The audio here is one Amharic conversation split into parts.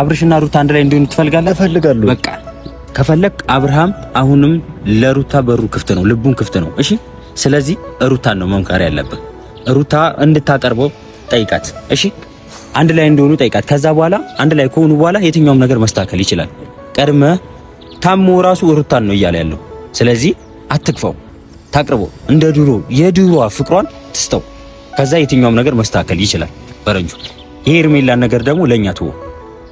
አብርሽና ሩታ አንድ ላይ እንዲሆኑ ትፈልጋለህ? እፈልጋለሁ። በቃ ከፈለክ አብርሃም አሁንም ለሩታ በሩ ክፍት ነው፣ ልቡን ክፍት ነው። እሺ፣ ስለዚህ ሩታን ነው መምከር ያለብህ። ሩታ እንድታቀርበው ጠይቃት። እሺ፣ አንድ ላይ እንዲሆኑ ጠይቃት። ከዛ በኋላ አንድ ላይ ከሆኑ በኋላ የትኛውም ነገር መስተካከል ይችላል። ቀድመ ታሞ ራሱ ሩታን ነው እያለ ያለው። ስለዚህ አትክፈው፣ ታቅርቦ እንደ ድሮ የድሮ ፍቅሯን ትስተው። ከዛ የትኛውም ነገር መስተካከል ይችላል። በረንጁ ይሄ እርሜላን ነገር ደግሞ ለኛ ትወው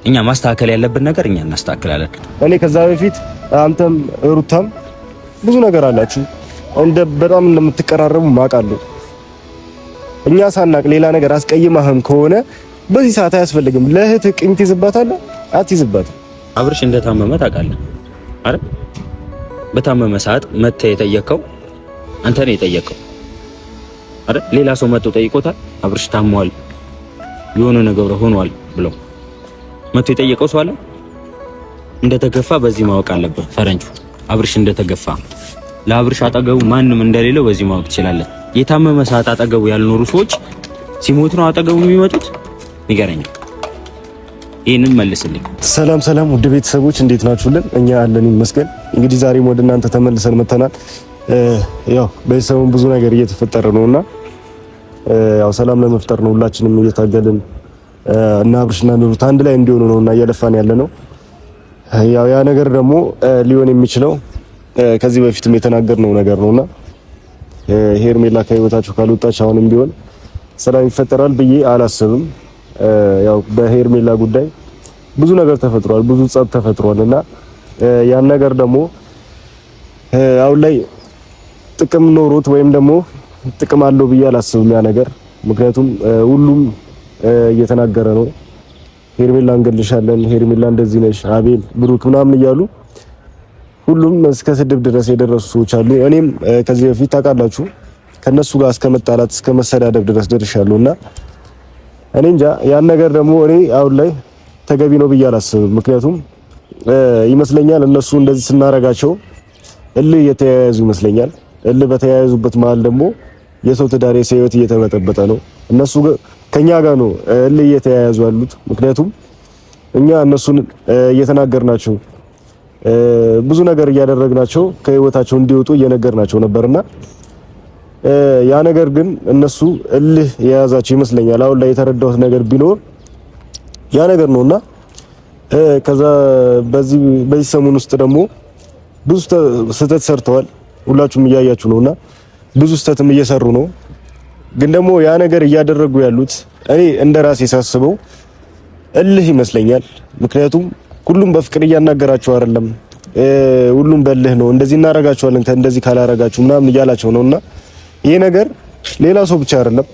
እኛ ማስተካከል ያለብን ነገር እኛ እናስተካክላለን። እኔ ከዛ በፊት አንተም ሩታም ብዙ ነገር አላችሁ እንደ በጣም እንደምትቀራረቡ ማውቃለሁ። እኛ ሳናቅ ሌላ ነገር አስቀይማህም ከሆነ በዚህ ሰዓት አያስፈልግም። ለእህት ቂም ትይዝባታለህ? አትይዝባትም። አብርሽ እንደታመመ ታውቃለህ አይደል? በታመመ ሰዓት መተህ የጠየቀው አንተ ነው የጠየቀው አይደል? ሌላ ሰው መጥቶ ጠይቆታል። አብርሽ ታሟል፣ የሆነ ነገር ሆኗል ብለው መቶ የጠየቀው ሰው አለ። እንደተገፋ በዚህ ማወቅ አለበት። ፈረንጁ። አብርሽ እንደተገፋ ለአብርሽ አጠገቡ ማንም እንደሌለው በዚህ ማወቅ ትችላለህ። የታመመ ሰዓት አጠገቡ ያልኖሩ ሰዎች ሲሞት ነው አጠገቡ የሚመጡት። ንገረኝ፣ ይህንን መልስልኝ። ሰላም ሰላም፣ ውድ ቤተሰቦች እንዴት ናችሁልን? እኛ አለን ይመስገን። እንግዲህ ዛሬም ወደ እናንተ ተመልሰን መተናል። ያው ቤተሰቡን ብዙ ነገር እየተፈጠረ እና ያው ሰላም ለመፍጠር ነው ሁላችንም እየታገልን እና አብርሽና ኑሩት አንድ ላይ እንዲሆኑ ነው እና እየለፋን ያለ ነው። ያው ያ ነገር ደግሞ ሊሆን የሚችለው ከዚህ በፊትም የተናገርነው ነገር ነውና ሄርሜላ ከህይወታቸው ካልወጣች አሁንም ቢሆን ሰላም ይፈጠራል ብዬ አላስብም። ያው በሄርሜላ ጉዳይ ብዙ ነገር ተፈጥሯል፣ ብዙ ጸብ ተፈጥሯል እና ያን ነገር ደግሞ አሁን ላይ ጥቅም ኖሮት ወይም ደግሞ ጥቅም አለው ብዬ አላስብም ያ ነገር ምክንያቱም ሁሉም እየተናገረ ነው። ሄርሜላ እንገልሻለን፣ ሄርሜላ እንደዚህ ነሽ፣ አቤል ብሩክ ምናምን እያሉ ሁሉም እስከ ስድብ ድረስ የደረሱ ሰዎች አሉ። እኔም ከዚህ በፊት ታውቃላችሁ ከነሱ ጋር እስከ መጣላት እስከ መሰዳደብ ድረስ ደርሻለሁ እና እኔ እንጃ ያን ነገር ደግሞ እኔ አሁን ላይ ተገቢ ነው ብዬ አላስብም። ምክንያቱም ይመስለኛል እነሱ እንደዚህ ስናረጋቸው እልህ እየተያያዙ ይመስለኛል። እልህ በተያያዙበት መሀል ደግሞ የሰው ትዳር የሰው እየተበጠበጠ ነው እነሱ ከኛ ጋር ነው እልህ እየተያያዙ ያሉት። ምክንያቱም እኛ እነሱን እየተናገርናቸው ብዙ ነገር እያደረግናቸው ከህይወታቸው እንዲወጡ እየነገርናቸው ነበርና ያ ነገር ግን እነሱ እልህ የያዛቸው ይመስለኛል። አሁን ላይ የተረዳሁት ነገር ቢኖር ያ ነገር ነውና ከዛ በዚህ በዚህ ሰሞን ውስጥ ደግሞ ብዙ ስህተት ሰርተዋል። ሁላችሁም እያያችሁ ነውና ብዙ ስህተትም እየሰሩ ነው። ግን ደግሞ ያ ነገር እያደረጉ ያሉት እኔ እንደ ራሴ ሳስበው እልህ ይመስለኛል። ምክንያቱም ሁሉም በፍቅር እያናገራቸው አይደለም፣ ሁሉም በልህ ነው። እንደዚህ እናረጋቸዋለን እንደዚህ ካላረጋችሁ ምናምን እያላቸው ነውና ይሄ ነገር ሌላ ሰው ብቻ አይደለም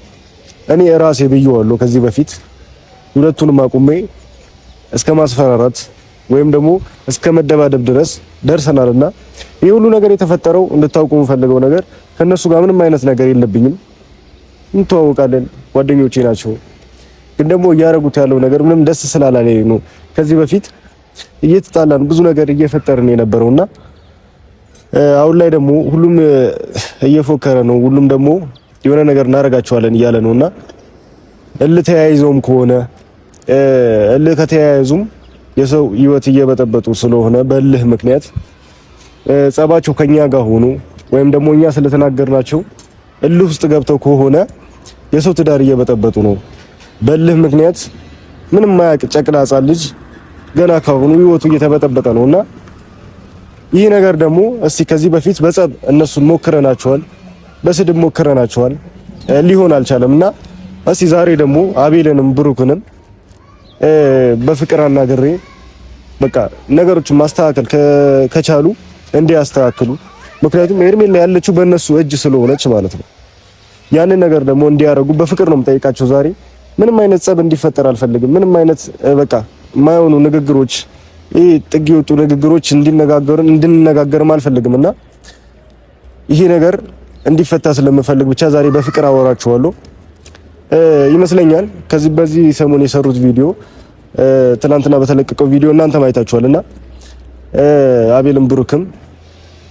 እኔ ራሴ ብዬዋለሁ ከዚህ በፊት ሁለቱንም አቁሜ እስከ ማስፈራራት ወይም ደግሞ እስከ መደባደብ ድረስ ደርሰናልና ይህ ሁሉ ነገር የተፈጠረው እንድታውቁ የምፈልገው ነገር ከነሱ ጋር ምንም አይነት ነገር የለብኝም። እንተዋወቃለን፣ ጓደኞቼ ናቸው። ግን ደግሞ እያደረጉት ያለው ነገር ምንም ደስ ስላላለኝ ነው። ከዚህ በፊት እየተጣላን ብዙ ነገር እየፈጠርን የነበረውና አሁን ላይ ደግሞ ሁሉም እየፎከረ ነው። ሁሉም ደግሞ የሆነ ነገር እናደርጋቸዋለን እያለ ነውና እልህ ተያይዘውም ከሆነ እልህ ከተያያዙም የሰው ህይወት እየበጠበጡ ስለሆነ በእልህ ምክንያት ጸባቸው ከኛ ጋር ሆኖ ወይም ደግሞ እኛ ስለተናገርናቸው እልህ ውስጥ ገብተው ከሆነ የሰው ትዳር እየበጠበጡ ነው። በእልህ ምክንያት ምንም ማያቅ ጨቅላ ልጅ ገና ካሁኑ ህይወቱ እየተበጠበጠ ነውና ይህ ነገር ደግሞ እስቲ ከዚህ በፊት በጸብ እነሱን ሞክረናቸዋል፣ በስድብ ሞክረናቸዋል፣ ሊሆን አልቻለም እና እስቲ ዛሬ ደግሞ አቤልንም ብሩክንም በፍቅር አናግሬ በቃ ነገሮችን ማስተካከል ከቻሉ እንዲያስተካክሉ፣ ምክንያቱም ሄርሜላ ያለችው በእነሱ እጅ ስለሆነች ማለት ነው። ያንን ነገር ደግሞ እንዲያደርጉ በፍቅር ነው የምጠይቃቸው። ዛሬ ምንም አይነት ጸብ እንዲፈጠር አልፈልግም። ምንም አይነት በቃ የማይሆኑ ንግግሮች፣ ይህ ጥግ የወጡ ንግግሮች እንዲነጋገሩ እንድንነጋገርም አልፈልግም እና ይሄ ነገር እንዲፈታ ስለምፈልግ ብቻ ዛሬ በፍቅር አወራችኋለሁ ይመስለኛል። ከዚህ በዚህ ሰሞን የሰሩት ቪዲዮ ትናንትና በተለቀቀው ቪዲዮ እናንተ ማየታችኋልና አቤልም ብሩክም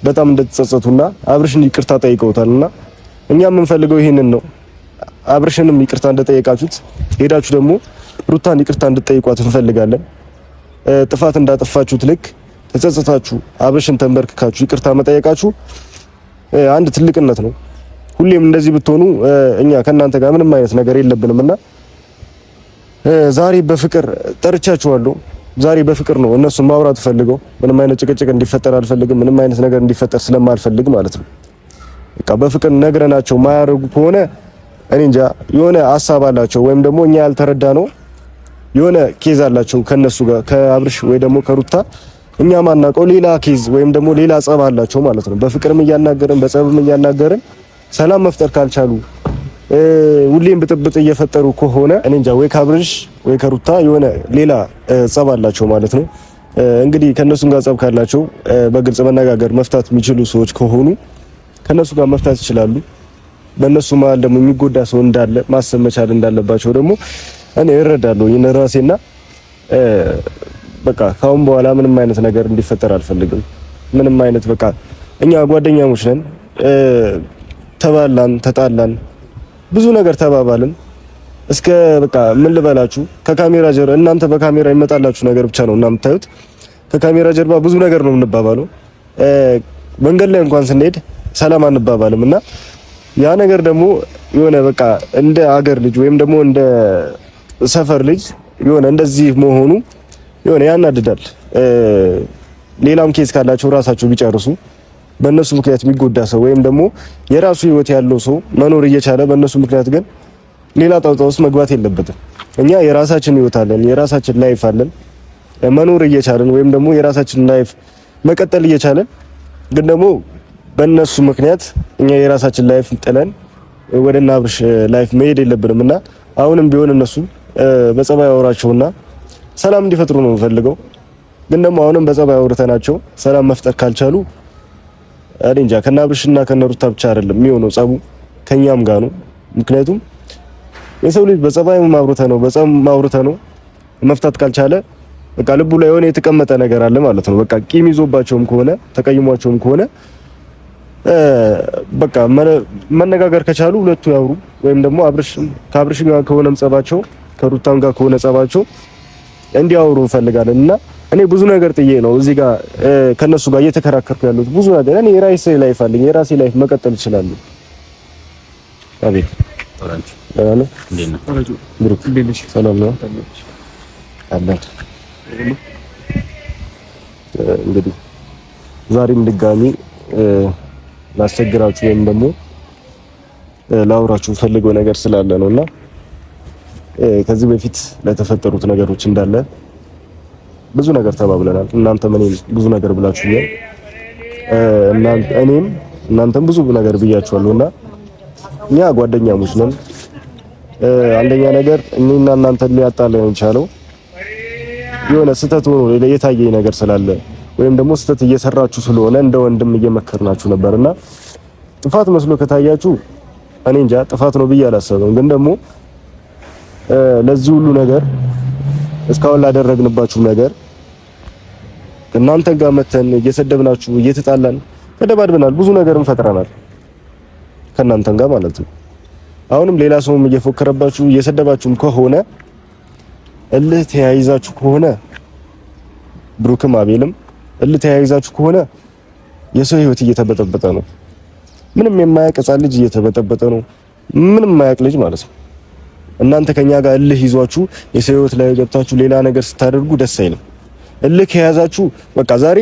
በጣም እንደተጸጸቱና አብርሽን ይቅርታ ጠይቀውታልና እኛ የምንፈልገው ይህንን ነው። አብርሽንም ይቅርታ እንደጠየቃችሁት ሄዳችሁ ደግሞ ሩታን ይቅርታ እንድጠይቋት እንፈልጋለን። ጥፋት እንዳጠፋችሁት ልክ ተጸጽታችሁ አብርሽን ተንበርክካችሁ ይቅርታ መጠየቃችሁ አንድ ትልቅነት ነው። ሁሌም እንደዚህ ብትሆኑ እኛ ከእናንተ ጋር ምንም አይነት ነገር የለብንም እና ዛሬ በፍቅር ጠርቻችኋለሁ። ዛሬ በፍቅር ነው እነሱን ማውራት ፈልገው ምንም አይነት ጭቅጭቅ እንዲፈጠር አልፈልግም። ምንም አይነት ነገር እንዲፈጠር ስለማልፈልግ ማለት ነው። በቃ በፍቅር ነግረናቸው ማያደርጉ ከሆነ እኔ እንጃ የሆነ ሀሳብ አላቸው ወይም ደግሞ እኛ ያልተረዳ ነው የሆነ ኬዝ አላቸው ከነሱ ጋር ከአብርሽ ወይ ደግሞ ከሩታ እኛ ማናውቀው ሌላ ኬዝ ወይም ደግሞ ሌላ ጸብ አላቸው ማለት ነው። በፍቅርም እያናገርን በጸብም እያናገርን ሰላም መፍጠር ካልቻሉ ሁሌም ብጥብጥ እየፈጠሩ ከሆነ እኔ እንጃ ወይ ከአብርሽ ወይ ከሩታ የሆነ ሌላ ጸብ አላቸው ማለት ነው። እንግዲህ ከነሱም ጋር ጸብ ካላቸው በግልጽ መነጋገር መፍታት የሚችሉ ሰዎች ከሆኑ ከነሱ ጋር መፍታት ይችላሉ። በእነሱ መሀል ደግሞ የሚጎዳ ሰው እንዳለ ማሰብ መቻል እንዳለባቸው ደግሞ እኔ እረዳለሁ። ይህን ራሴና በቃ ካሁን በኋላ ምንም አይነት ነገር እንዲፈጠር አልፈልግም። ምንም አይነት በቃ እኛ ጓደኛሞች ነን። ተባላን፣ ተጣላን፣ ብዙ ነገር ተባባልን። እስከ በቃ ምን ልበላችሁ፣ ከካሜራ ጀርባ እናንተ በካሜራ ይመጣላችሁ ነገር ብቻ ነው እና የምታዩት። ከካሜራ ጀርባ ብዙ ነገር ነው የምንባባለው። መንገድ ላይ እንኳን ስንሄድ ሰላም አንባባልም እና ያ ነገር ደግሞ የሆነ በቃ እንደ አገር ልጅ ወይም ደግሞ እንደ ሰፈር ልጅ የሆነ እንደዚህ መሆኑ የሆነ ያናድዳል። ሌላም ኬስ ካላቸው ራሳቸው ቢጨርሱ በእነሱ ምክንያት የሚጎዳ ሰው ወይም ደግሞ የራሱ ህይወት ያለው ሰው መኖር እየቻለ በእነሱ ምክንያት ግን ሌላ ጣውጣ ውስጥ መግባት የለበትም። እኛ የራሳችን ህይወት አለን፣ የራሳችን ላይፍ አለን። መኖር እየቻለን ወይም ደግሞ የራሳችን ላይፍ መቀጠል እየቻለን ግን ደግሞ በእነሱ ምክንያት እኛ የራሳችን ላይፍ ጥለን ወደ እነ አብርሽ ላይፍ መሄድ የለብንም እና አሁንም ቢሆን እነሱ በጸባይ አውራቸውና ሰላም እንዲፈጥሩ ነው የምፈልገው። ግን ደግሞ አሁንም በጸባይ አውርተናቸው ሰላም መፍጠር ካልቻሉ እኔ እንጃ ከነ አብርሽና ሩታ ብቻ አይደለም የሚሆነው ጸቡ ከኛም ጋር ነው። ምክንያቱም የሰው ልጅ በጸባይ ማውርተ ነው በጸብ ማውርተ ነው መፍታት ካልቻለ በቃ ልቡ ላይ የሆነ የተቀመጠ ነገር አለ ማለት ነው። በቃ ቂም ይዞባቸውም ከሆነ ተቀይሟቸውም ከሆነ በቃ መነጋገር ከቻሉ ሁለቱ ያውሩ፣ ወይም ደግሞ አብርሽ ከአብርሽ ጋር ከሆነም ጸባቸው ከሩታም ጋር ከሆነ ጸባቸው እንዲያወሩ እንፈልጋለን እና እኔ ብዙ ነገር ጥዬ ነው እዚህ ጋር ከነሱ ጋር እየተከራከርኩ ያሉት። ብዙ ነገር እኔ የራሴ ላይፍ አለኝ፣ የራሴ ላይፍ መቀጠል እችላለሁ። አቤት ሰላም ነው አለን። እንግዲህ ዛሬም ድጋሚ ላስቸግራችሁ ወይም ደግሞ ላውራችሁ ፈልገው ነገር ስላለ ነው እና ከዚህ በፊት ለተፈጠሩት ነገሮች እንዳለ ብዙ ነገር ተባብለናል። እናንተም እኔም ብዙ ነገር ብላችሁኛል። እኔም እናንተም ብዙ ነገር ብያችኋለሁ እና እኛ ጓደኛሞች ነን። አንደኛ ነገር እኔና እናንተን ሊያጣለን የቻለው የሆነ ስህተት ሆኖ የታየኝ ነገር ስላለ ወይም ደግሞ ስህተት እየሰራችሁ ስለሆነ እንደ ወንድም እየመከርናችሁ ነበርና ጥፋት መስሎ ከታያችሁ እኔ እንጃ ጥፋት ነው ብዬ አላሰበው ግን ደግሞ ለዚህ ሁሉ ነገር እስካሁን ላደረግንባችሁ ነገር እናንተ ጋር መተን እየሰደብናችሁ እየተጣላን ተደባድበናል፣ ብዙ ነገርም ፈጥረናል ከእናንተ ጋር ማለት ነው። አሁንም ሌላ ሰውም እየፎከረባችሁ እየሰደባችሁም ከሆነ እልህ ተያይዛችሁ ከሆነ ብሩክም አቤልም እልተያይዛችሁ ከሆነ የሰው ህይወት እየተበጠበጠ ነው። ምንም የማያውቅ ህጻን ልጅ እየተበጠበጠ ነው። ምንም የማያውቅ ልጅ ማለት ነው። እናንተ ከኛ ጋር እልህ ይዟችሁ የሰው ህይወት ላይ ገብታችሁ ሌላ ነገር ስታደርጉ ደስ አይልም። እልህ ከያዛችሁ በቃ ዛሬ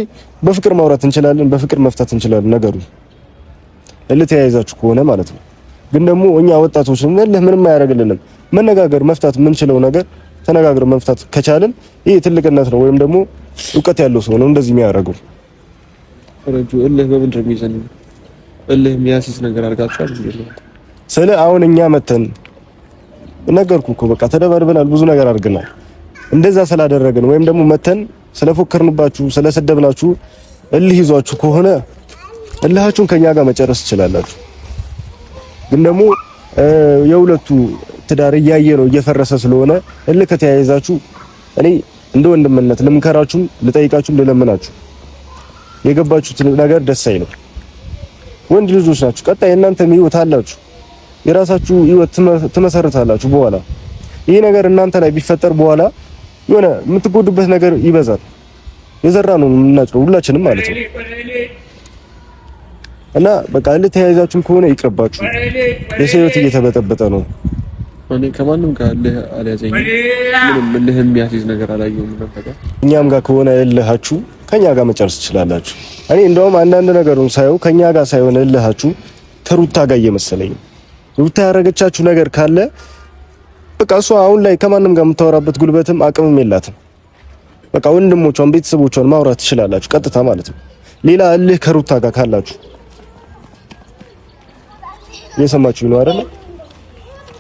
በፍቅር ማውራት እንችላለን፣ በፍቅር መፍታት እንችላለን ነገሩ እልህ ተያይዛችሁ ከሆነ ማለት ነው። ግን ደግሞ እኛ ወጣቶች ምንም አያደርግልንም። መነጋገር መፍታት የምንችለው ነገር ተነጋግረን መፍታት ከቻልን ይሄ ትልቅነት ነው፣ ወይም ደግሞ እውቀት ያለው ሰው ነው እንደዚህ የሚያደርገው። ረጁ እልህ በምንድን ነው የሚይዘን? እልህ የሚያስይዝ ነገር አድርጋችኋል ስለ አሁን እኛ መተን ነገርኩ እኮ በቃ ተደባድበናል፣ ብዙ ነገር አድርገናል። እንደዛ ስላደረግን ወይም ደግሞ መተን ስለፎከርንባችሁ፣ ስለሰደብናችሁ እልህ ይዟችሁ ከሆነ እልሃችሁን ከኛ ጋር መጨረስ ትችላላችሁ። ግን ደግሞ የሁለቱ ትዳር እያየ ነው እየፈረሰ ስለሆነ እልህ ከተያይዛችሁ እኔ እንደ ወንድምነት ልምከራችሁም ልጠይቃችሁም ልለምናችሁ የገባችሁት ነገር ደስ አይልም። ወንድ ልጆች ናችሁ። ቀጣይ እናንተም ህይወት አላችሁ፣ የራሳችሁ ህይወት ትመሰርታላችሁ። በኋላ ይህ ነገር እናንተ ላይ ቢፈጠር በኋላ የሆነ የምትጎዱበት ነገር ይበዛል። የዘራ ነው የምናጭረው ሁላችንም ማለት ነው እና በቃ ልተያይዛችሁም ከሆነ ይቅርባችሁ። የሰው ህይወት እየተበጠበጠ ነው። እኔ ከማንም ጋር እልህ አልያዘኝም። ምንም እልህ የሚያስይዝ ነገር አላየሁም እኛም ጋር ከሆነ እልሃችሁ ከኛ ጋር መጨረስ ትችላላችሁ። እኔ እንደውም አንዳንድ ነገሩን ሳየው ከኛ ጋር ሳይሆን እልሃችሁ ከሩታ ጋር እየመሰለኝ ሩታ ያደረገቻችሁ ነገር ካለ በቃ እሷ አሁን ላይ ከማንም ጋር የምታወራበት ጉልበትም አቅምም የላትም። በቃ ወንድሞቿን፣ ቤተሰቦቿን ማውራት ትችላላችሁ ቀጥታ ማለት ነው። ሌላ እልህ ከሩታ ጋር ካላችሁ እየሰማችሁ ነው አይደል?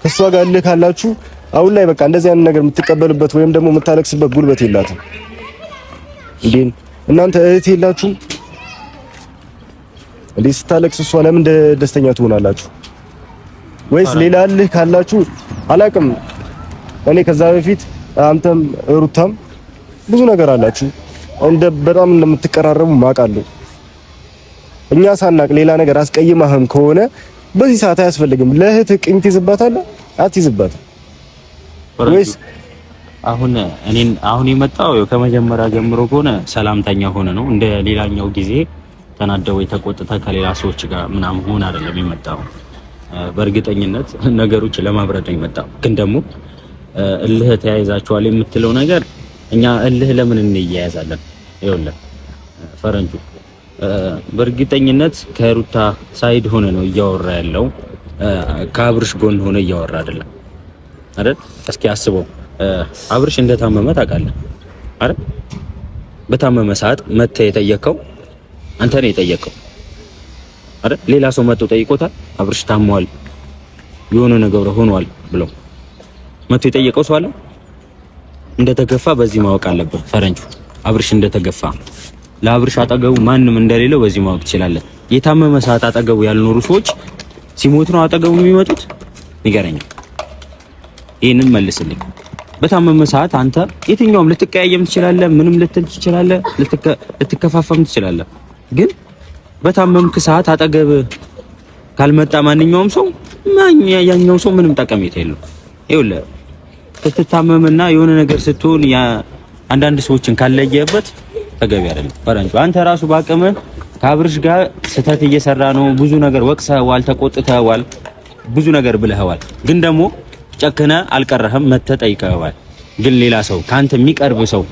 ከእሷ ጋር እልህ ካላችሁ አሁን ላይ በቃ እንደዚህ አይነት ነገር የምትቀበልበት ወይም ደግሞ የምታለቅስበት ጉልበት የላትም። እንዴ እናንተ እህት የላችሁ እንዴ? ስታለቅስ እሷ ለምን ደስተኛ ትሆናላችሁ? ወይስ ሌላ እልህ ካላችሁ አላቅም። እኔ ከዛ በፊት አንተም ሩታም ብዙ ነገር አላችሁ እንደ በጣም እንደምትቀራረቡ ማቃለሁ። እኛ ሳናቅ ሌላ ነገር አስቀይማህም ከሆነ በዚህ ሰዓት አያስፈልግም። ለእህት ቂም ትይዝባታለህ አትይዝባትም? ወይስ አሁን እኔን አሁን የመጣው ከመጀመሪያ ጀምሮ ከሆነ ሰላምተኛ ሆነ ነው። እንደ ሌላኛው ጊዜ ተናደው ወይ ተቆጥተ ከሌላ ሰዎች ጋር ምናምን ሆነ አይደለም የመጣው። በእርግጠኝነት ነገሮች ለማብረድ ነው የመጣው። ግን ደግሞ እልህ ተያይዛችኋል የምትለው ነገር እኛ እልህ ለምን እንያያዛለን? ይኸውልህ ፈረንጁ በእርግጠኝነት ከሩታ ሳይድ ሆነ ነው እያወራ ያለው፣ ከአብርሽ ጎን ሆነ እያወራ አይደለም አይደል? እስኪ አስበው፣ አብርሽ እንደታመመ ታውቃለህ አይደል? በታመመ ሰዓት መተህ የጠየቀው አንተ ነው የጠየቀው አይደል? ሌላ ሰው መጥቶ ጠይቆታል፣ አብርሽ ታሟል፣ የሆነ ነገር ሆኗል ብለው መቶ የጠየቀው ሰው አለ። እንደተገፋ በዚህ ማወቅ አለበት ፈረንጁ አብርሽ እንደተገፋ ለአብርሽ አጠገቡ ማንም እንደሌለው በዚህ ማወቅ ትችላለን። የታመመ ሰዓት አጠገቡ ያልኖሩ ሰዎች ሲሞት ነው አጠገቡ የሚመጡት? ንገረኛል። ይህንን መልስልኝ። በታመመ ሰዓት አንተ የትኛውም ልትቀያየም ትችላለህ፣ ምንም ልትል ትችላለህ፣ ልትከፋፈም ትችላለህ። ግን በታመምክ ሰዓት አጠገብ ካልመጣ ማንኛውም ሰው ያኛው ሰው ምንም ጠቀሜታ የለው። ይኸውልህ ስትታመምና የሆነ ነገር ስትሆን አንዳንድ ሰዎችን ካለየበት ተገቢ አይደለም። ፈረንጁ አንተ ራሱ ባቅምህ ከአብርሽ ጋር ስህተት እየሰራ ነው። ብዙ ነገር ወቅሰዋል፣ ተቆጥተዋል፣ ብዙ ነገር ብለዋል። ግን ደግሞ ጨክነ አልቀረህም፣ መተ ጠይቀዋል። ግን ሌላ ሰው ከአንተ የሚቀርብ ሰው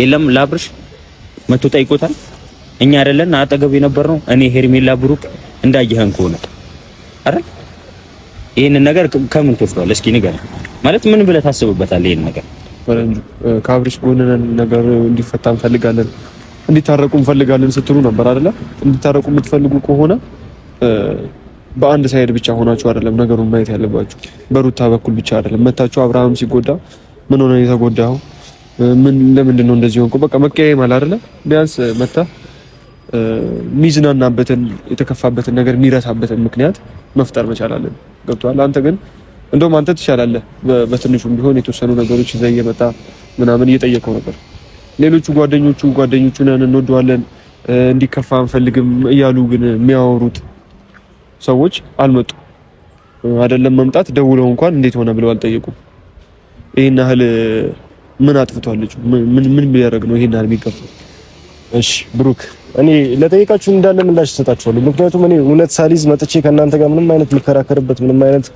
የለም ለአብርሽ መቶ ጠይቆታል። እኛ አይደለን አጠገብ የነበር ነው እኔ ሄርሜላ፣ ብሩክ እንዳየህን ከሆነ አይደል ይህንን ነገር ከምን ትወስደዋል? እስኪ ንገረኝ። ማለት ምን ብለህ ታስብበታል ይህን ነገር ፈረንጁ ከአብርሽ ጎንነን ነገር እንዲፈታ እንፈልጋለን፣ እንዲታረቁ እንፈልጋለን ስትሉ ነበር አይደለ? እንዲታረቁ የምትፈልጉ ከሆነ በአንድ ሳይድ ብቻ ሆናችሁ አይደለም ነገሩን ማየት ያለባችሁ። በሩታ በኩል ብቻ አይደለም መታችሁ። አብርሃም ሲጎዳ ምን ሆነ የተጎዳው ምን ለምንድን ነው እንደዚህ ሆንኩ? በቃ መቀያየም አለ አይደለ? ቢያንስ መታ የሚዝናናበትን የተከፋበትን ነገር የሚረሳበትን ምክንያት መፍጠር መቻላለን ገብቷል? አንተ ግን እንደውም አንተ ትሻላለህ። በትንሹም ቢሆን የተወሰኑ ነገሮች ይዘህ እየመጣ ምናምን እየጠየቀው ነበር። ሌሎቹ ጓደኞቹ ጓደኞቹ ነን እንወደዋለን እንዲከፋ አንፈልግም እያሉ ግን የሚያወሩት ሰዎች አልመጡ አይደለም መምጣት ደውለው እንኳን እንዴት ሆነ ብለው አልጠየቁም። ይህን ያህል ምን አጥፍቷል ልጁ? ምን ምን ቢያደርግ ነው ይሄን ያህል የሚከፋው? እሺ ብሩክ፣ እኔ ለጠየቃችሁ እንዳለ ምላሽ እሰጣችኋለሁ። ምክንያቱም እኔ እውነት ሳሊዝ መጥቼ ከእናንተ ጋር ምንም አይነት የምከራከርበት ምንም አይነት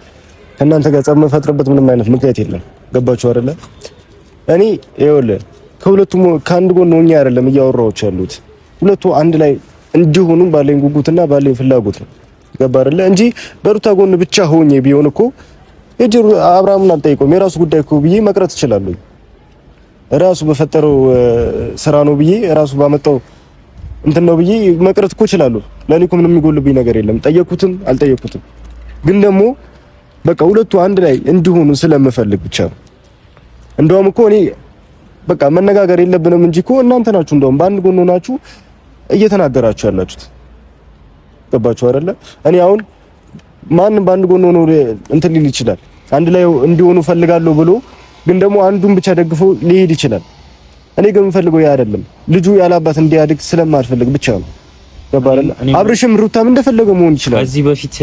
ከእናንተ ጋር ጸብ የምፈጥርበት ምንም አይነት ምክንያት የለም። ገባችሁ አይደለ? እኔ ይኸውልህ ከሁለቱም ከአንድ ጎን ሆኜ አይደለም እያወራዎች ያሉት ሁለቱ አንድ ላይ እንዲሆኑ ባለኝ ጉጉትና ባለኝ ፍላጎት ነው። ገባ አይደለ? እንጂ በሩታ ጎን ብቻ ሆኜ ቢሆን እኮ የጀሩ አብርሃምን አልጠይቀውም። የራሱ ጉዳይ እኮ ብዬ መቅረት እችላለሁ። ራሱ በፈጠረው ስራ ነው ብዬ ራሱ ባመጣው እንትን ነው ብዬ መቅረት እኮ እችላለሁ። ለኔ እኮ ምንም የሚጎልብኝ ነገር የለም። ጠየኩትም አልጠየኩትም ግን ደግሞ በቃ ሁለቱ አንድ ላይ እንዲሆኑ ስለምፈልግ ብቻ ነው። እንደውም እኮ እኔ በቃ መነጋገር የለብንም እንጂ እኮ እናንተ ናችሁ እንደውም በአንድ ጎን ሆናችሁ እየተናገራችሁ ያላችሁት ገባችሁ አይደለ? እኔ አሁን ማንም በአንድ ጎን ሆኖ እንትን ሊል ይችላል። አንድ ላይ እንዲሆኑ ፈልጋለሁ ብሎ ግን ደግሞ አንዱን ብቻ ደግፎ ሊሄድ ይችላል። እኔ ግን የምፈልገው ያ አይደለም። ልጁ ያላባት እንዲያድግ ስለማልፈልግ ብቻ ነው። ገባ አይደለ? አብርሽም ሩታም እንደፈለገ መሆን ይችላል። ከዚህ በፊት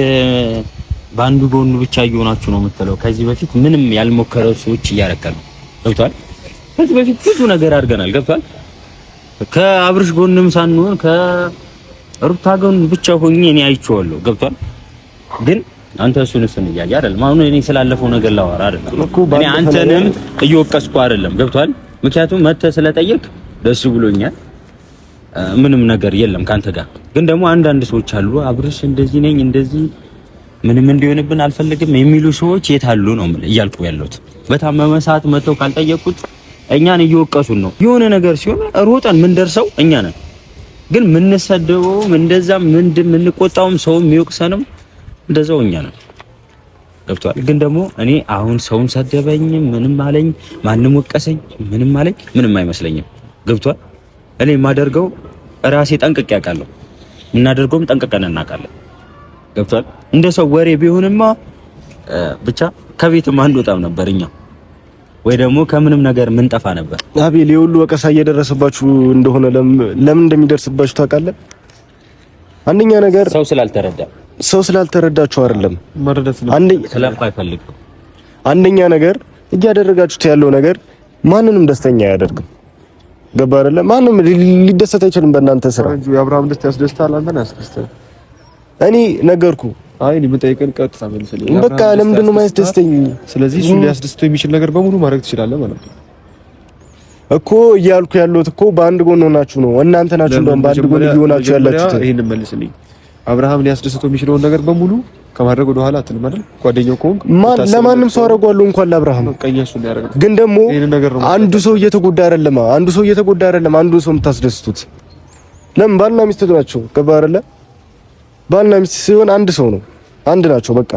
በአንዱ በወንዱ ብቻ እየሆናችሁ ነው የምትለው። ከዚህ በፊት ምንም ያልሞከረ ሰዎች እያረከ ነው። ገብቷል። ከዚህ በፊት ብዙ ነገር አድርገናል። ገብቷል። ከአብርሽ ጎንም ሳንሆን ከሩታ ጎን ብቻ ሆኜ እኔ አይቼዋለሁ። ገብቷል። ግን አንተ እሱን እሱን እያየ አይደለም። አሁን እኔ ስላለፈው ነገር ላወራ አይደለም እኮ እኔ አንተንም እየወቀስኩ አይደለም። ገብቷል። ምክንያቱም መተህ ስለጠየቅ ደስ ብሎኛል። ምንም ነገር የለም ካንተ ጋር። ግን ደግሞ አንዳንድ ሰዎች አሉ አብርሽ እንደዚህ ነኝ እንደዚህ ምንም እንዲሆንብን አልፈልግም የሚሉ ሰዎች የት አሉ ነው እያልኩ ያለሁት። በታመመ ሰዓት መጥተው ካልጠየቁት እኛን እየወቀሱን ነው። የሆነ ነገር ሲሆን ሮጠን ምን ደርሰው እኛ ነን። ግን ምንሰደበውም እንደዛ ምንቆጣውም ሰው የሚወቅሰንም እንደዛው እኛ ነን። ገብቷል። ግን ደግሞ እኔ አሁን ሰውም ሰደበኝ ምንም አለኝ ማንም ወቀሰኝ ምንም አለኝ ምንም አይመስለኝም። ገብቷል። እኔ የማደርገው ራሴ ጠንቅቄ አውቃለሁ። እናደርገውም ጠንቅቀን እናውቃለን። ገብቷል። እንደ ሰው ወሬ ቢሆንማ ብቻ ከቤትም አንወጣም ነበር እኛ ወይ ደግሞ ከምንም ነገር ምን ነበር። አቤል የሁሉ ወቀሳ እየደረሰባችሁ እንደሆነ ለምን እንደሚደርስባችሁ ታውቃለህ? አንደኛ ነገር ሰው ስላልተረዳ ሰው ስላልተረዳችሁ አይደለም፣ ስለማይፈልግ አንደኛ ነገር እያደረጋችሁት ያለው ነገር ማንንም ደስተኛ አያደርግም። ገባ አይደለ? ማንም ሊደሰት አይችልም በእናንተ ስራ። አብርሃም ደስታ ያስደስታል፣ አንተን ያስደስታል እኔ ነገርኩ። አይ እኔ የምጠይቅን ቀጥታ መልስልኝ። በቃ ለምንድን ነው የማያስደስተኝ? ስለዚህ እሱ ሊያስደስተው የሚችል ነገር በሙሉ ማድረግ ትችላለህ ማለት ነው እኮ እያልኩ ያለሁት እኮ በአንድ ጎን ሆናችሁ ነው። እናንተ ናችሁ እንደውም በአንድ ጎን እየሆናችሁ ያላችሁት። ይሄን መልስልኝ። አብርሃም ሊያስደስተው የሚችለውን ነገር በሙሉ ከማድረግ ወደ ኋላ አትልም አይደል? ጓደኛው ከሆንክ ለማንም ሰው አደርገዋለሁ እንኳን ለአብርሃም። ግን ደግሞ አንዱ ሰው እየተጎዳ አይደለም፣ አንዱ ሰው እየተጎዳ አይደለም። አንዱ ሰው የምታስደስቱት ለምን? ባልና ሚስት ናቸው። ገባህ አይደለ? ባልና ሚስት ሲሆን አንድ ሰው ነው፣ አንድ ናቸው። በቃ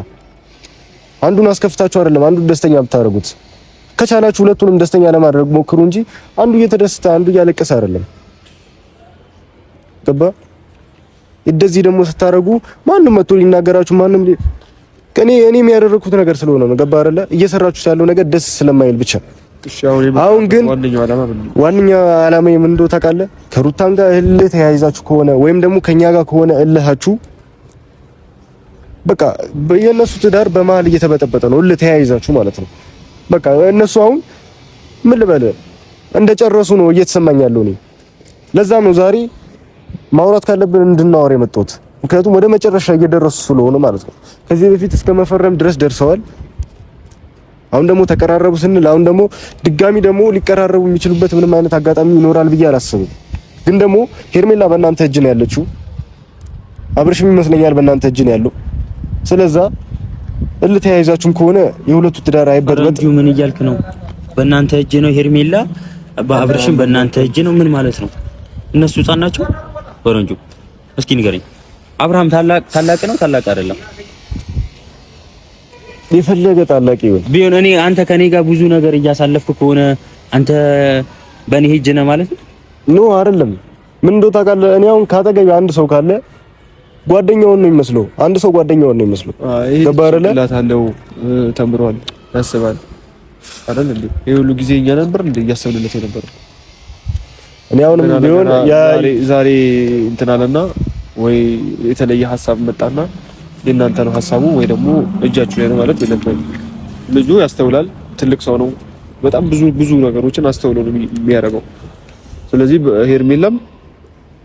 አንዱን አስከፍታችሁ አይደለም አንዱን ደስተኛ ብታደርጉት። ከቻላችሁ ሁለቱንም ደስተኛ ለማድረግ ሞክሩ እንጂ አንዱ እየተደስተ አንዱ እያለቀሰ አይደለም። ገባ? እንደዚህ ደግሞ ስታደርጉ ማንም መጥቶ ሊናገራችሁ ማንም እኔ እኔም ያደረኩት ነገር ስለሆነ ነው። ገባ አይደለ? እየሰራችሁ ያለው ነገር ደስ ስለማይል ብቻ አሁን ግን ዋነኛ አላማ ምን እንደሆነ ታውቃለህ? ከሩታም ጋር እልህ ተያይዛችሁ ከሆነ ወይም ደግሞ ከኛ ጋር ከሆነ እልሃችሁ በቃ የእነሱ ትዳር በመሀል እየተበጠበጠ ነው። ተያይዛችሁ ማለት ነው። በቃ እነሱ አሁን ምን ልበል እንደጨረሱ ነው እየተሰማኝ ያለው እኔ። ለዛም ነው ዛሬ ማውራት ካለብን እንድናወር የመጣሁት ምክንያቱም ወደ መጨረሻ እየደረሱ ስለሆነ ማለት ነው። ከዚህ በፊት እስከ መፈረም ድረስ ደርሰዋል። አሁን ደግሞ ተቀራረቡ ስንል አሁን ደግሞ ድጋሚ ደግሞ ሊቀራረቡ የሚችሉበት ምንም አይነት አጋጣሚ ይኖራል ብዬ አላስብም። ግን ደግሞ ሄርሜላ በእናንተ እጅ ነው ያለችው። አብርሽም ይመስለኛል በእናንተ እጅ ነው ያለው ስለዛ እልተያይዛችሁም ከሆነ የሁለቱ ትዳር አይበጥበጥ። ምን እያልክ ነው? በእናንተ እጅ ነው ሄርሜላ፣ በአብርሽም በእናንተ እጅ ነው። ምን ማለት ነው? እነሱ ህጻን ናቸው። ፈረንጁ እስኪ ንገረኝ፣ አብርሃም ታላቅ ታላቅ ነው ታላቅ አይደለም? የፈለገ ታላቅ ይሁን ቢሆን እኔ አንተ ከኔ ጋር ብዙ ነገር እያሳለፍክ ከሆነ አንተ በእኔ እጅ ነው ማለት ነው? ኖ አይደለም። ምን እንደው ታውቃለህ፣ እኔ አሁን ካጠገቤ አንድ ሰው ካለ ጓደኛውን ነው የሚመስለው። አንድ ሰው ጓደኛውን ነው የሚመስለው። ገባህ? ተምሯል፣ ያስባል አይደል እንዴ? ይሄ ሁሉ ጊዜ እኛ ነበር እንዴ እያሰብንለት የነበረው? እኔ አሁንም ቢሆን ዛሬ እንትን አለና ወይ የተለየ ሀሳብ መጣና የእናንተ ነው ሀሳቡ ወይ ደግሞ እጃችሁ ላይ ነው ማለት የለብንም። ልጁ ያስተውላል፣ ትልቅ ሰው ነው። በጣም ብዙ ብዙ ነገሮችን አስተውሎ ነው የሚያደርገው። ስለዚህ ሄርሜላም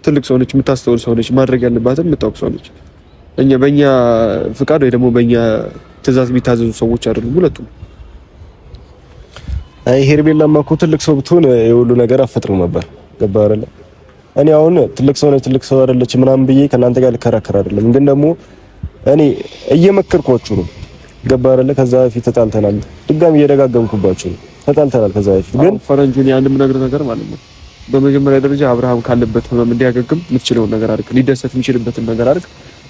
ትልቅ ሰው ነች፣ የምታስተውል ሰው ነች፣ ማድረግ ያለባትን የምታውቅ ሰው ነች። እኛ በእኛ ፍቃድ ወይ ደግሞ በእኛ ትእዛዝ የሚታዘዙ ሰዎች አይደሉም ሁለቱም። አይ ሄርሜላማ እኮ ትልቅ ሰው ብትሆን የሁሉ ነገር አፈጥሩ ነበር። ገባ አይደለ? እኔ አሁን ትልቅ ሰው ነች ትልቅ ሰው አይደለች ምናምን ብዬ ከእናንተ ጋር ልከራከር አይደለም፣ ግን ደግሞ እኔ እየመከርኳችሁ ነው። ገባ አይደለ? ከዛ በፊት ተጣልተናል፣ ድጋሚ እየደጋገምኩባችሁ ነው። ተጣልተናል ከዛ በፊት ግን ፈረንጁን ያንም ነገር ነገር ማለት ነው በመጀመሪያ ደረጃ አብርሃም ካለበት ህመም እንዲያገግም የምትችለውን ነገር አድርግ፣ ሊደሰት የሚችልበትን ነገር አድርግ።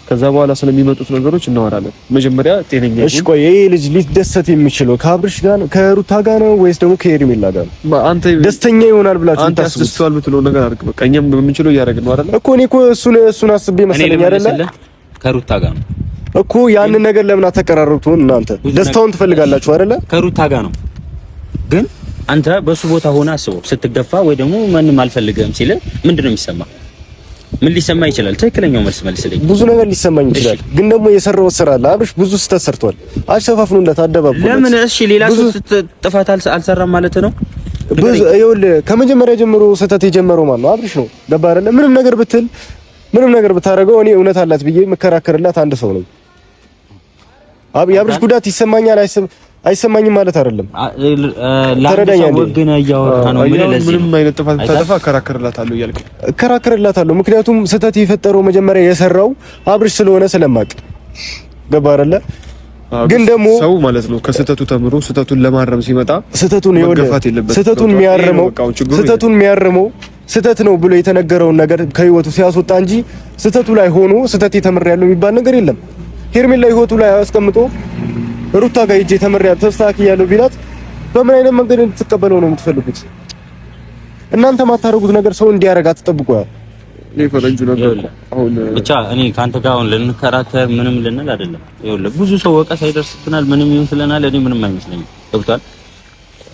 ከዛ በኋላ ስለሚመጡት ነገሮች እናወራለን። መጀመሪያ ጤነኛ እሺ። ቆይ ይሄ ልጅ ሊደሰት የሚችለው ከአብርሽ ጋር ነው ከሩታ ጋር ነው ወይስ ደግሞ ከሄርሜላ ጋር ነው? አንተ ደስተኛ ይሆናል ብላችሁ አንተ አስተስተዋል የምትለው ነገር አድርግ። በቃ እኛም የምንችለው እያደረግን ነው አይደል እኮ። እኔ እኮ እሱን እሱን አስቤ መሰለኝ አይደለ ከሩታ ጋር ነው እኮ ያንን ነገር ለምን አተቀራረብቱን እናንተ ደስታውን ትፈልጋላችሁ አይደለ? ከሩታ ጋር ነው ግን አንተ በሱ ቦታ ሆነ አስበው ስትገፋ ወይ ደግሞ ማንም አልፈልገም ሲል ምንድን ነው የሚሰማ? ምን ሊሰማ ይችላል? ትክክለኛው መልስ መልስልኝ። ብዙ ነገር ሊሰማኝ ይችላል፣ ግን ደግሞ የሰራው ስራ አለ አብርሽ፣ ብዙ ስህተት ሰርቷል። አሸፋፍኑለት፣ አደባብቁለት። ለምን እሺ፣ ሌላ ሰው ጥፋት አልሰራም ማለት ነው። ብዙ ይኸውልህ፣ ከመጀመሪያ ጀምሮ ስህተት የጀመረው ማን ነው? አብርሽ ነው። ገባህ አይደለ? ምንም ነገር ብትል፣ ምንም ነገር ብታደርገው፣ እኔ እውነት አላት ብዬ የምከራከርላት አንድ ሰው አብ አብርሽ ጉዳት ይሰማኛል አይሰማ አይሰማኝም ማለት አይደለም። ተረዳኝ። ምንም አይነት ጥፋት ብታጠፋ እከራከርላታለሁ እያልክ እከራከርላታለሁ። ምክንያቱም ስህተት የፈጠረው መጀመሪያ የሰራው አብርሽ ስለሆነ ስለማቅ ገባ አይደለ? ግን ደግሞ ሰው ማለት ነው ከስህተቱ ተምሮ ስህተቱን ለማረም ሲመጣ ስህተቱን ስህተቱን የሚያርመው ስህተቱን የሚያርመው ስህተት ነው ብሎ የተነገረውን ነገር ከህይወቱ ሲያስወጣ እንጂ ስህተቱ ላይ ሆኖ ስህተት የተምር ያለው የሚባል ነገር የለም። ሄርሜላ ህይወቱ ላይ አስቀምጦ ሩታ ጋር ሂጅ ተመሪያለሁ ተስተካክያለሁ ቢላት በምን አይነት መንገድ እንድትቀበለው ነው የምትፈልጉት? እናንተ ማታረጉት ነገር ሰው እንዲያረጋ ተጠብቁ። ብቻ እኔ ካንተ ጋር አሁን ልንከራከር ምንም ልንል አይደለም። ይኸውልህ ብዙ ሰው ወቀሳ ይደርስብናል፣ ምንም ይሁን ስለናል፣ እኔ ምንም አይመስለኝም። ገብቷል።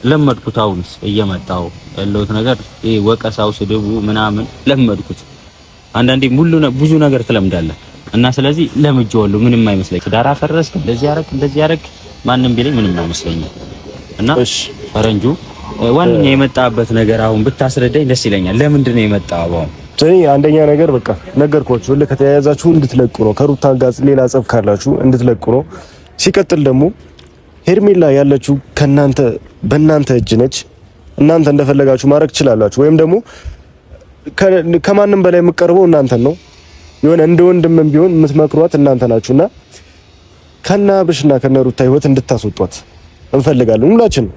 ለመድኩት። አሁንስ እየመጣው ያለሁት ነገር ይሄ ወቀሳው፣ ስድቡ ምናምን ለመድኩት። አንዳንዴ ሙሉ ብዙ ነገር ትለምዳለህ እና ስለዚህ ለምጄዋለሁ። ምንም አይመስለኝ። ትዳር አፈረስክ፣ እንደዚህ ያረክ፣ እንደዚህ ያረክ ማንም ቢለኝ ምንም አይመስለኝም። እና እሺ ፈረንጁ ዋንኛ የመጣበት ነገር አሁን ብታስረዳኝ ደስ ይለኛል። ለምንድን ነው የመጣው አሁን? እኔ አንደኛ ነገር በቃ ነገርኳችሁ፣ ከተያያዛችሁ እንድትለቁ ነው። ከሩታ ጋር ሌላ ጸብ ካላችሁ እንድትለቁ ነው። ሲቀጥል ደግሞ ሄርሜላ ያለችው ከናንተ በእናንተ እጅ ነች። እናንተ እንደፈለጋችሁ ማድረግ ትችላላችሁ፣ ወይም ደግሞ ከማንም በላይ የምቀርበው እናንተን ነው። የሆነ እንደ ወንድምም ቢሆን የምትመክሯት እናንተ ናችሁና ከነ አብርሽና ከነ ሩታ ህይወት እንድታስወጧት እንፈልጋለን ሁላችን።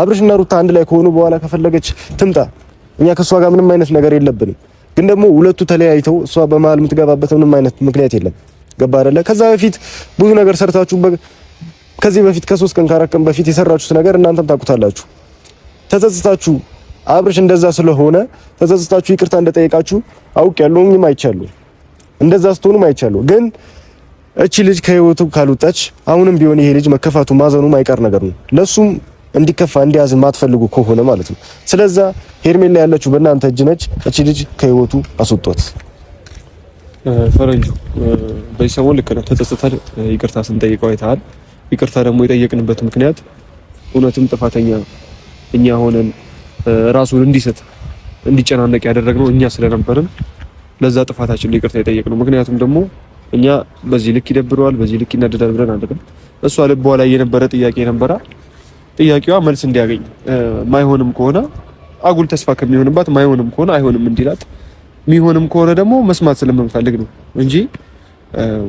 አብርሽና ሩታ አንድ ላይ ከሆኑ በኋላ ከፈለገች ትምጣ። እኛ ከሷ ጋር ምንም አይነት ነገር የለብንም። ግን ደግሞ ሁለቱ ተለያይተው እሷ በመሀል የምትገባበት ምንም አይነት ምክንያት የለም። ገባ አይደለ? ከዛ በፊት ብዙ ነገር ሰርታችሁ ከዚህ በፊት ከሶስት ቀን ከአራት ቀን በፊት የሰራችሁት ነገር እናንተም ታውቁታላችሁ። ተጸጽታችሁ አብርሽ እንደዛ ስለሆነ ተጸጽታችሁ ይቅርታ እንደጠየቃችሁ አውቄያለሁኝም አይቻለሁ። እንደዛ ስትሆኑም አይቻለሁ። ግን እቺ ልጅ ከህይወቱ ካልወጣች አሁንም ቢሆን ይሄ ልጅ መከፋቱ ማዘኑ ማይቀር ነገር ነው። ለሱም እንዲከፋ እንዲያዝ ማትፈልጉ ከሆነ ማለት ነው። ስለዛ ሄርሜላ ያለችው በእናንተ እጅ ነች። እቺ ልጅ ከህይወቱ አስወጧት። ፈረንጁ በዚህ ሰሞን ልክ ነው ተጸጽተን ይቅርታ ስንጠይቀው አይተሃል። ይቅርታ ደግሞ የጠየቅንበት ምክንያት እውነትም ጥፋተኛ እኛ ሆነን ራሱን እንዲስት እንዲጨናነቅ ያደረግነው እኛ ስለነበርን ለዛ ጥፋታችን ይቅርታ የጠየቅነው። ምክንያቱም ደግሞ እኛ በዚህ ልክ ይደብረዋል፣ በዚህ ልክ ይናደዳል ብለን አይደለም። እሷ ልቧ ላይ የነበረ ጥያቄ ነበራ። ጥያቄዋ መልስ እንዲያገኝ ማይሆንም ከሆነ አጉል ተስፋ ከሚሆንባት ማይሆንም ከሆነ አይሆንም እንዲላት ሚሆንም ከሆነ ደግሞ መስማት ስለምንፈልግ ነው እንጂ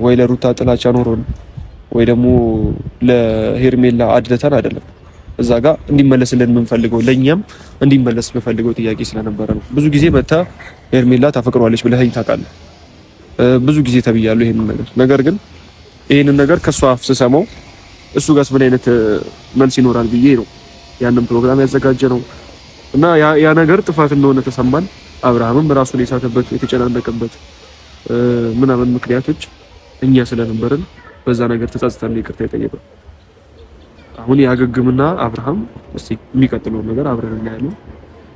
ወይ ለሩታ ጥላቻ ኖሮን ወይ ደግሞ ለሄርሜላ አድለታን አይደለም። እዛ ጋር እንዲመለስልን የምንፈልገው ለእኛም እንዲመለስ የምፈልገው ጥያቄ ስለነበረ ነው። ብዙ ጊዜ መታ ሄርሜላ ታፈቅሯለች ብለኸኝ ታውቃለህ። ብዙ ጊዜ ተብያለሁ ይሄንን ነገር። ነገር ግን ይህንን ነገር ከእሷ አፍ ስሰማው እሱ ጋርስ ምን አይነት መልስ ይኖራል ብዬ ነው ያንን ፕሮግራም ያዘጋጀ ነው እና ያ ነገር ጥፋት እንደሆነ ተሰማን። አብርሃምም ራሱን የሳተበት የተጨናነቀበት ምናምን ምክንያቶች እኛ ስለነበርን በዛ ነገር ተጻጽተን ይቅርታ የጠየቀው አሁን ያገግምና አብርሃም እስቲ የሚቀጥለውን ነገር አብረን እናያለን።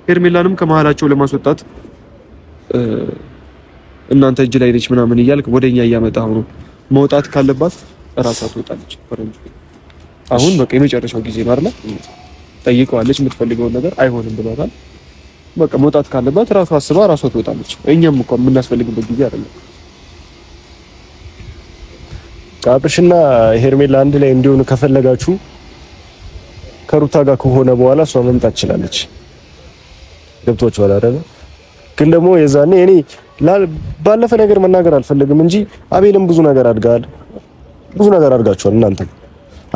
ሄርሜላንም ከመሀላቸው ለማስወጣት እናንተ እጅ ላይ ነች ምናምን እያልክ ወደኛ እያመጣ ነው። መውጣት ካለባት እራሷ ትወጣለች። አሁን በቃ የመጨረሻው ጊዜ ነው አይደል? ጠይቀዋለች የምትፈልገውን ነገር አይሆንም ብሏታል። በቃ መውጣት ካለባት እራሷ አስባ እራሷ ትወጣለች። እኛም እንኳን የምናስፈልግበት ጊዜ አይደለም። አብርሽና ሄርሜላ አንድ ላይ እንዲሆኑ ከፈለጋችሁ ከሩታ ጋር ከሆነ በኋላ እሷ መምጣት ትችላለች። ገብቷችኋል አይደለ? ግን ደግሞ የዛኔ እኔ ባለፈ ነገር መናገር አልፈልግም እንጂ አቤልም ብዙ ነገር አድርጋል፣ ብዙ ነገር አድጋችኋል እናንተ።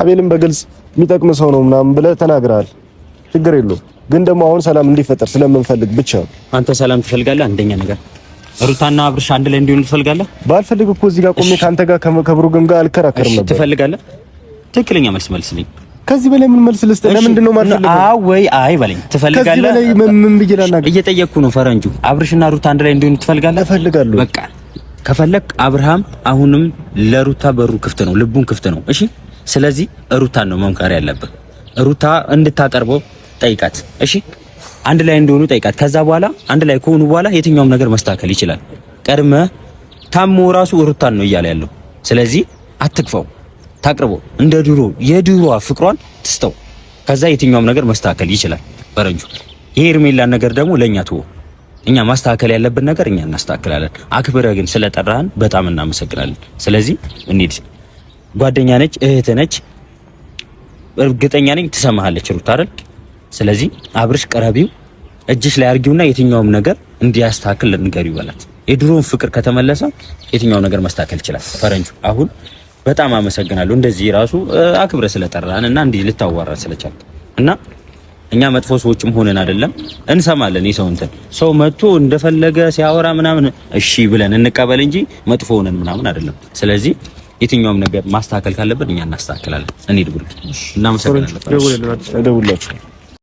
አቤልም በግልጽ የሚጠቅም ሰው ነው ምናምን ብለህ ተናግራል። ችግር የለውም ግን ደግሞ አሁን ሰላም እንዲፈጠር ስለምንፈልግ ብቻ አንተ ሰላም ትፈልጋለህ? አንደኛ ነገር ሩታና አብርሽ አንድ ላይ እንዲሆን ትፈልጋለህ? ባልፈልግ እኮ እዚህ ጋር ቆሜ ከአንተ ጋር ከብሩግም ጋር አልከራከርም ነበር። ትፈልጋለህ? ትክክለኛ መልስ መልስልኝ። ከዚህ በላይ ምን መልስ ልስጥ? ለምንድን ነው ማለት ወይ አይ በለኝ። ትፈልጋለህ? ከዚህ በላይ ምን እየጠየቅኩ ነው ፈረንጁ። አብርሽና ሩታ አንድ ላይ እንዲሆኑ ትፈልጋለህ? እፈልጋለሁ። በቃ ከፈለክ አብርሃም አሁንም ለሩታ በሩ ክፍት ነው፣ ልቡን ክፍት ነው። እሺ፣ ስለዚህ ሩታ ነው መምከር ያለብህ። ሩታ እንድታቀርበው ጠይቃት። እሺ፣ አንድ ላይ እንደሆኑ ጠይቃት። ከዛ በኋላ አንድ ላይ ከሆኑ በኋላ የትኛውም ነገር መስተካከል ይችላል። ቀድመህ ታሞ ራሱ ሩታን ነው እያለ ያለው። ስለዚህ አትግፋው። ታቅርቦ እንደ ድሮ የድሮ ፍቅሯን ትስተው። ከዛ የትኛውም ነገር መስተካከል ይችላል በረንጁ። ይሄ ነገር ደግሞ ለእኛ ትወ እኛ ማስተካከል ያለብን ነገር እኛ እናስተካክላለን። አክብረ ግን ስለጠራህን በጣም እናመሰግናለን። ስለዚህ እንሂድ። ጓደኛ ነች፣ እህት ነች፣ እርግጠኛ ነኝ ትሰማሃለች ሩት አይደል? ስለዚህ አብርሽ ቀረቢው እጅሽ ላይ አርጊውና የትኛውም ነገር እንዲያስተካክል ልንገር ይበላት። የድሮውን ፍቅር ከተመለሰ የትኛው ነገር መስተካከል ይችላል። ፈረንጁ አሁን በጣም አመሰግናለሁ። እንደዚህ ራሱ አክብረ ስለጠራን እና እንዲህ ልታዋራ ስለቻል እና እኛ መጥፎ ሰዎችም ሆነን አይደለም፣ እንሰማለን። የሰው እንትን ሰው መጥቶ እንደፈለገ ሲያወራ ምናምን እሺ ብለን እንቀበል እንጂ መጥፎ ሆነን ምናምን አይደለም። ስለዚህ የትኛውም ነገር ማስተካከል ካለብን እኛ እናስተካክላለን። እንሂድ ብሩክ እናመሰግናለን። ደውላችሁ